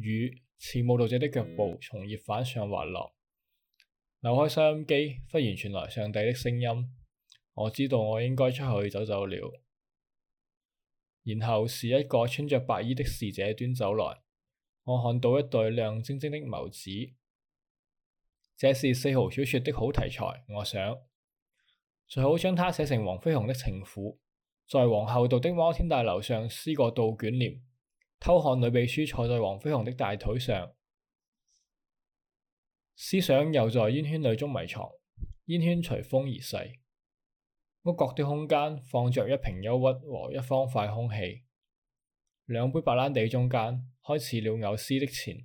雨似舞蹈者的腳步從葉瓣上滑落，扭開收音機，忽然傳來上帝的聲音：我知道我應該出去走走了。然後是一個穿着白衣的侍者端走來，我看到一對亮晶晶的眸子。這是四毫小說的好題材，我想最好將它寫成黃飛鴻的情婦，在皇后道的摩天大樓上撕個倒捲簾。偷看女秘書坐在黃飛鴻的大腿上，思想又在煙圈裏中迷藏，煙圈隨風而逝。屋角的空間放着一瓶憂鬱和一方塊空氣，兩杯白蘭地中間開始了偶思的前。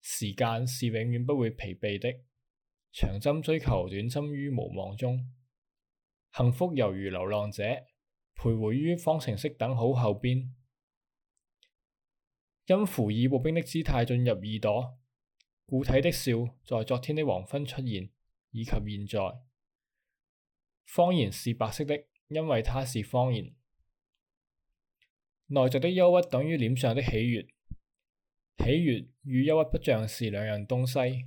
時間是永遠不會疲憊的，長針追求短針於無望中，幸福猶如流浪者，徘徊於方程式等號後邊。音符以步兵的姿態進入耳朵，固體的笑在昨天的黃昏出現，以及現在。謊言是白色的，因為它是謊言。內在的憂鬱等於臉上的喜悅，喜悅與憂鬱不像是兩樣東西。